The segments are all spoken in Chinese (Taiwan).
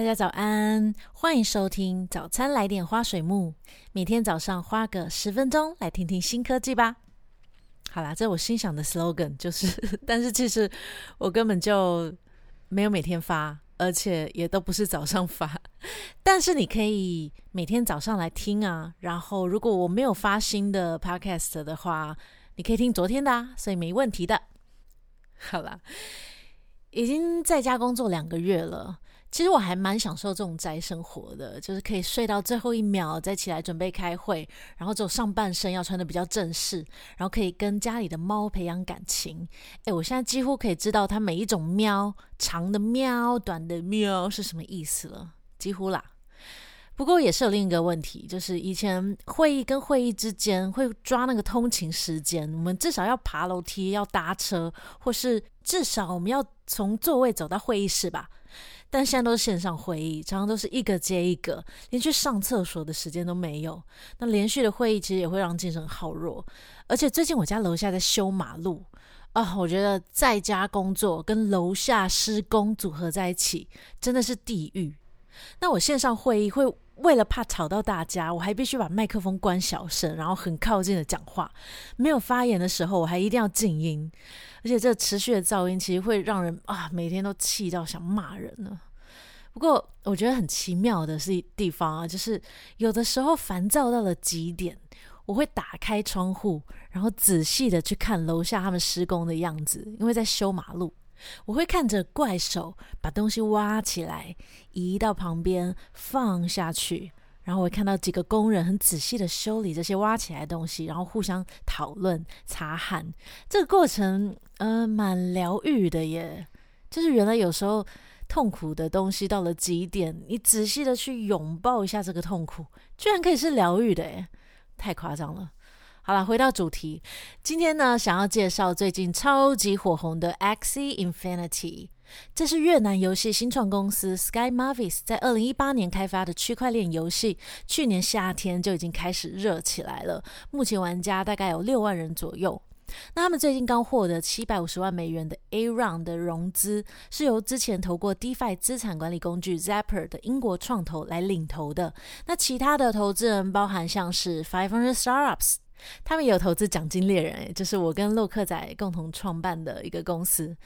大家早安，歡迎收聽早餐來點花水木。每天早上花個十分鐘來聽聽新科技吧。好了，這是我心想的 slogan，就是，但是其實我根本就沒有每天發，而且也都不是早上發。但是你可以每天早上來聽啊。然後，如果我沒有發新的 podcast 的話，你可以聽昨天的啊，所以沒問題的。好了，已經在家工作兩個月了。其實我還蠻享受這種宅生活的，就是可以睡到最後一秒再起來準備開會，然後只有上半身要穿得比較正式，然後可以跟家裡的貓培養感情。誒，我現在幾乎可以知道它每一種喵，長的喵、短的喵是什麼意思了，幾乎啦。不過也是有另一個問題，就是以前會議跟會議之間會抓那個通勤時間，我們至少要爬樓梯、要搭車，或是至少我們要從座位走到會議室吧。但現在都是線上會議，常常都是一個接一個，連去上廁所的時間都沒有。那連續的會議其實也會讓精神耗弱。而且最近我家樓下在修馬路啊，我覺得在家工作跟樓下施工組合在一起真的是地獄。那我線上會議會為了怕吵到大家，我還必須把麥克風關小聲，然後很靠近的講話。沒有發言的時候，我還一定要靜音。而且這持續的噪音其實會讓人啊，每天都氣到想罵人了。不過我覺得很奇妙的是地方啊，就是有的時候煩躁到了極點，我會打開窗戶，然後仔細的去看樓下他們施工的樣子，因為在修馬路，我會看着怪手把東西挖起來，移到旁邊放下去，然後我會看到幾個工人很仔細的修理這些挖起來的東西，然後互相討論擦汗，這個過程嗯，蠻療癒的耶，就是原來有時候。痛苦的東西到了極點，你仔細的去擁抱一下這個痛苦，居然可以是療癒的哎，太誇張了。好了，回到主題，今天呢，想要介紹最近超級火紅的 Axie Infinity，這是越南遊戲新創公司 Sky Mavis 在二零一八年開發的區塊鏈遊戲，去年夏天就已經開始熱起來了，目前玩家大概有六萬人左右。那他們最近剛獲得七百五十萬美元的 A round 的融資，是由之前投過 DeFi 資產管理工具 Zapper 的英國創投來領投的。那其他的投資人包含像是 Five Hundred Startups。他們有投資《獎金獵人》，誒，就是我跟洛克仔共同創辦的一個公司。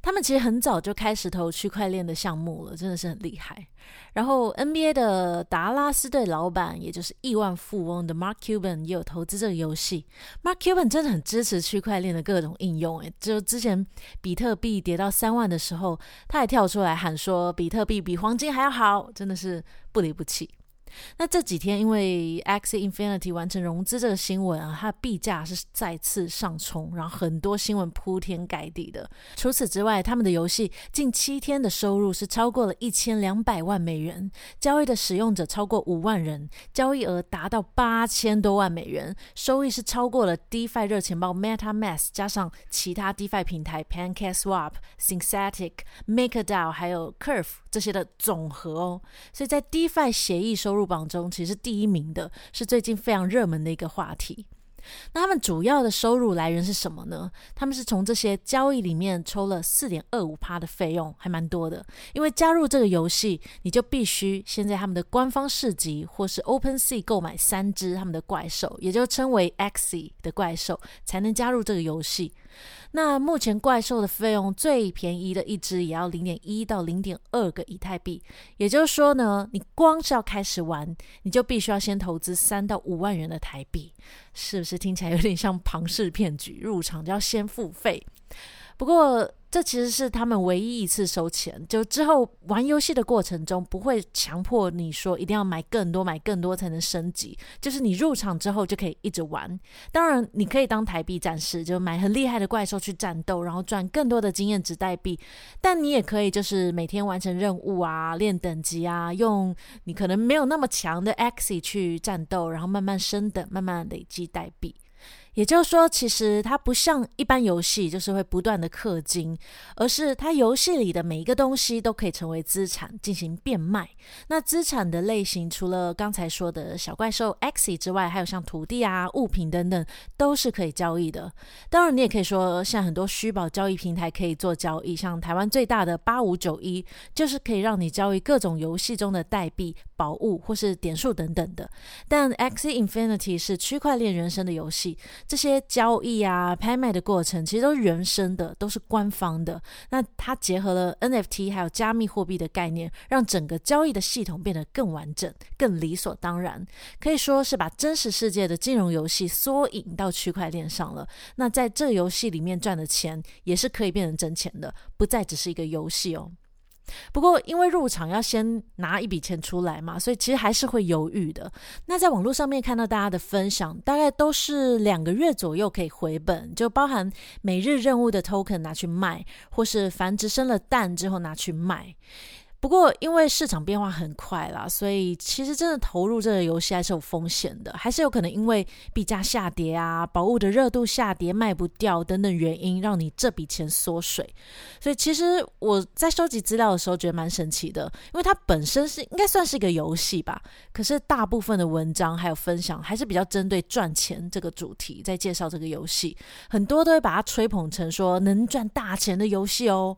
他們其實很早就開始投區塊鏈的項目了，真的是很厲害。然後 NBA 的達拉斯隊老闆，也就是億萬富翁的 Mark Cuban 也有投資這個遊戲。Mark Cuban 真的很支持區塊鏈的各種應用，誒，就之前比特幣跌到三萬的時候，他也跳出來喊說比特幣比黃金還要好，真的是不離不棄。那這幾天因為 Axie Infinity 完成融資這個新聞啊，它的幣價是再次上衝，然後很多新聞鋪天蓋地的。除此之外，他們的遊戲近七天的收入是超過了一千兩百萬美元，交易的使用者超過五萬人，交易額達到八千多萬美元，收益，是超過了 DeFi 熱錢包 MetaMask 加上其他 DeFi 平台 PancakeSwap、Synthetic、MakerDAO 還有 Curve 這些的總和哦。所以在 DeFi 協議收入入榜中其實，第一名的是最近非常熱門的一個話題。那他們主要的收入來源是什麼呢？他們是從這些交易裡面抽了四點二五趴的費用，還蠻多的。因為加入這個遊戲，你就必須先在他們的官方市集或是 Open Sea 購買三隻他們的怪獸，也就稱為 Axie 的怪獸，才能加入這個遊戲。那目前怪獸的費用最便宜的一隻也要零點一到零點二個以太幣，也就是說呢，你光是要開始玩，你就必須要先投資三到五萬元的台幣。是不是聽起來有點像龐氏騙局？入場就要先付費。不過，這其實是他們唯一一次收錢。就之後玩遊戲的過程中，不會強迫你說一定要買更多、買更多才能升級。就是你入場之後就可以一直玩。當然，你可以當台幣戰士，就買很厲害的怪獸去戰鬥，然後賺更多的經驗值代幣。但你也可以就是每天完成任務啊、練等級啊，用你可能沒有那麼強的 Axie 去戰鬥，然後慢慢升等、慢慢累積代幣。也就是說，其實它不像一般遊戲，就是會不斷的氪金，而是它遊戲裡的每一個東西都可以成為資產進行變賣。那資產的類型除了剛才說的小怪獸、Axie 之外，還有像土地啊、物品等等，都是可以交易的。當然，你也可以說像很多虛寶交易平台可以做交易，像台灣最大的八五九一，就是可以讓你交易各種遊戲中的代幣。寶物或是點數等等的，但 Axie Infinity 是區塊鏈原生的遊戲，這些交易啊、拍賣的過程，其實都是原生的，都是官方的。那它結合了 NFT 還有加密貨幣的概念，讓整個交易的系統變得更完整、更理所當然，可以說是把真實世界的金融遊戲縮影到區塊鏈上了。那在這遊戲裡面賺的錢，也是可以變成真錢的，不再只是一個遊戲哦。不過，因為入場要先拿一筆錢出來嘛，所以其實還是會猶豫的。那在網絡上面看到大家的分享，大概都是兩個月左右可以回本，就包含每日任務的 token 拿去賣，或是繁殖生了蛋之後拿去賣。不過，因為市場變化很快啦，所以其實真的投入這個遊戲還是有風險的，還是有可能因為幣價下跌啊、寶物的熱度下跌、賣不掉等等原因，讓你這筆錢縮水。所以，其實我在收集資料的時候覺得蠻神奇的，因為它本身是應該算是一個遊戲吧，可是大部分的文章還有分享還是比較針對賺錢這個主題在介紹這個遊戲，很多都會把它吹捧成說能賺大錢的遊戲哦。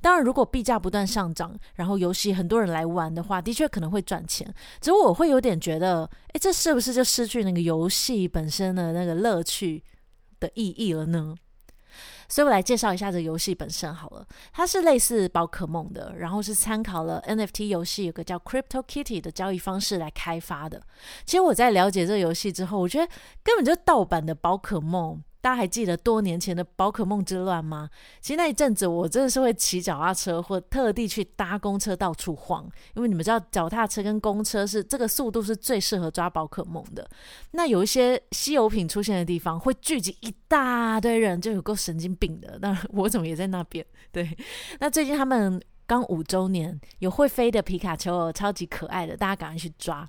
當然，如果幣價不斷上漲，然後遊戲很多人來玩的話，的確可能會賺錢。只是我會有點覺得，誒，這是不是就失去那個遊戲本身的那個樂趣的意義了呢？所以我來介紹一下這個遊戲本身好了。它是類似寶可夢的，然後是參考了 NFT 遊戲，有個叫 Crypto Kitty 的交易方式來開發的。其實我在了解這個遊戲之後，我覺得根本就是盜版的寶可夢。大家還記得多年前的寶可夢之亂嗎？其實那一陣子，我真的是會騎腳踏車或特地去搭公車到處晃，因為你們知道腳踏車跟公車是這個速度是最適合抓寶可夢的。那有一些稀有品出現的地方，會聚集一大堆人，就有夠神經病的。那我怎麼也在那邊？對，那最近他們剛五週年，有會飛的皮卡丘超級可愛的，大家趕快去抓。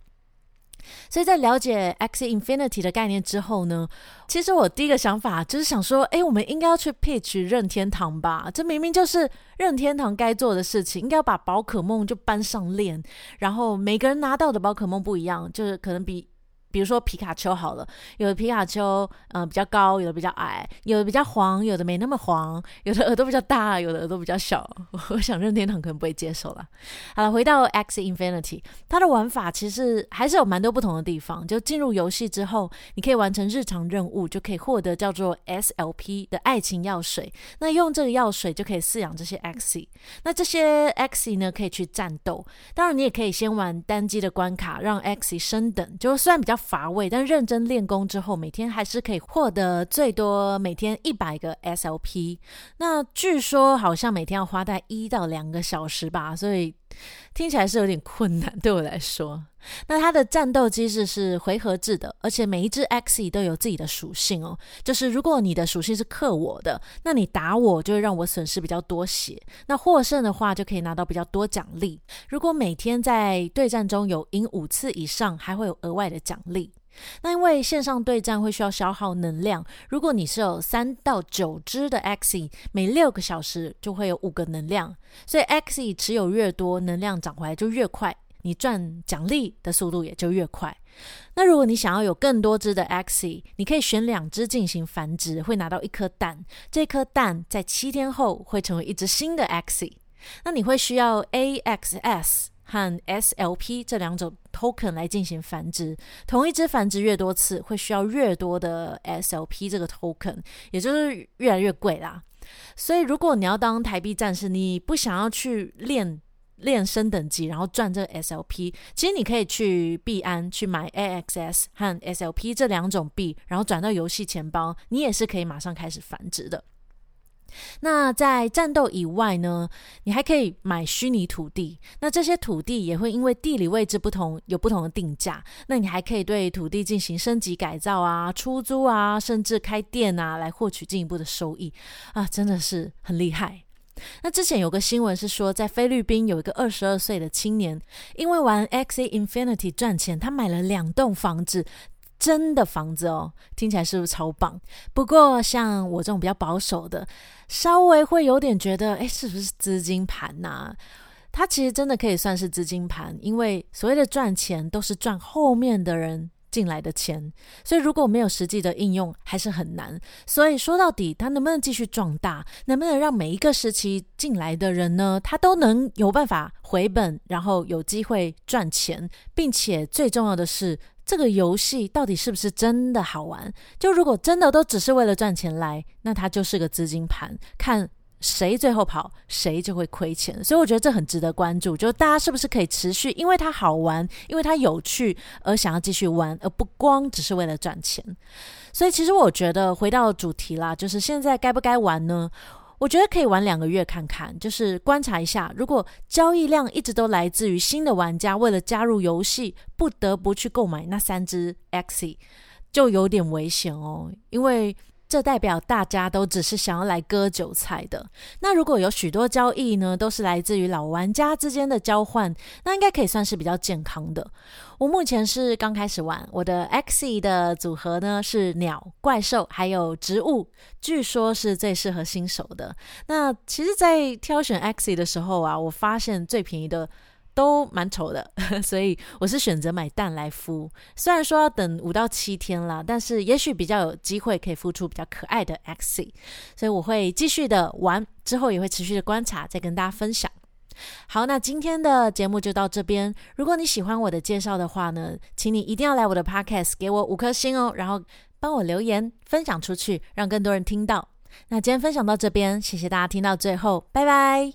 所以在了解 Axie Infinity 的概念之後呢，其實我第一個想法就是想說，誒，我們應該要去 pitch 任天堂吧？這明明就是任天堂該做的事情，應該要把寶可夢就搬上鏈，然後每個人拿到的寶可夢不一樣，就是可能比。比如說皮卡丘好了，有的皮卡丘呃比較高，有的比較矮，有的比較黃，有的沒那麼黃，有的耳朵比較大，有的耳朵比較小。 我想任天堂可能不會接受啦。好了，回到 Axie Infinity，它的玩法其實還是有蠻多不同的地方。就進入遊戲之後，你可以完成日常任務，就可以獲得叫做 SLP 的愛情藥水。那用這個藥水就可以飼養這些 Axie。那這些 Axie 呢，可以去戰鬥。當然，你也可以先玩單機的關卡，讓 Axie 升等，就雖然比較。乏味，但認真練功之後，每天還是可以獲得最多每天一百個 SLP 那據說好像每天要花在一到兩個小時吧，所以。聽起來是有點困難，對我來說。那它的戰鬥機制是回合制的，而且每一隻 Axie 都有自己的屬性哦。就是如果你的屬性是克我的，那你打我就會讓我損失比較多血。那獲勝的話就可以拿到比較多獎勵。如果每天在對戰中有贏五次以上，還會有額外的獎勵。那因為線上對戰會需要消耗能量，如果你是有三到九隻的 Axie，每六個小時就會有五個能量，所以 Axie 持有越多，能量漲回來就越快，你賺獎勵的速度也就越快。那如果你想要有更多隻的 Axie，你可以選兩隻進行繁殖，會拿到一顆蛋，這顆蛋在七天後會成為一隻新的 Axie，那你會需要 AXS。和 SLP 這兩種 token 來進行繁殖，同一隻繁殖越多次，會需要越多的 SLP 這個 token，也就是越來越貴啦。所以如果你要當台幣戰士，你不想要去練練升等級，然後賺這 SLP，其實你可以去幣安去買 AXS 和 SLP 這兩種幣，然後轉到遊戲錢包，你也是可以馬上開始繁殖的。那在戰鬥以外呢，你還可以買虛擬土地。那這些土地也會因為地理位置不同，有不同的定價。那你還可以對土地進行升級改造啊、出租啊，甚至開店啊，來獲取進一步的收益啊，真的是很厲害。那之前有個新聞是說，在菲律賓有一個二十二歲的青年，因為玩《Axie Infinity》賺錢，他買了兩棟房子。真的房子哦，聽起來是不是超棒？不過像我這種比較保守的，稍微會有點覺得，誒，是不是資金盤吶？它其實真的可以算是資金盤，因為所謂的賺錢都是賺後面的人進來的錢，所以如果沒有實際的應用，還是很難。所以說到底它能不能繼續壯大，能不能讓每一個時期進來的人呢，他都能有辦法回本，然後有機會賺錢，並且最重要的是。這個遊戲到底是不是真的好玩？就如果真的都只是為了賺錢來，那它就是個資金盤，看誰最後跑，誰就會虧錢。所以我覺得這很值得關注。就大家是不是可以持續，因為它好玩，因為它有趣，而想要繼續玩，而不光只是為了賺錢。所以其實我覺得回到主題啦，就是現在該不該玩呢？我覺得可以玩兩個月看看，就是觀察一下，如果交易量一直都來自於新的玩家為了加入遊戲不得不去購買那三隻 Axie 就有點危險哦，因為，這代表大家都只是想要來割韭菜的。那如果有許多交易呢，都是來自於老玩家之間的交換，那應該可以算是比較健康的。我目前是剛開始玩，我的 Axie 的組合呢是鳥、怪獸還有植物，據說是最適合新手的。那其實，在挑選 Axie 的時候啊，我發現最便宜的。都蠻醜的，所以我是選擇買蛋來孵。雖然說要等五到七天啦，但是也許比較有機會可以孵出比較可愛的 Axie，所以我會繼續的玩，之後也會持續的觀察，再跟大家分享。好，那今天的節目就到這邊。如果你喜歡我的介紹的話呢，請你一定要來我的 Podcast，給我五顆星哦，然後幫我留言分享出去，讓更多人聽到。那今天分享到這邊，謝謝大家聽到最後，拜拜。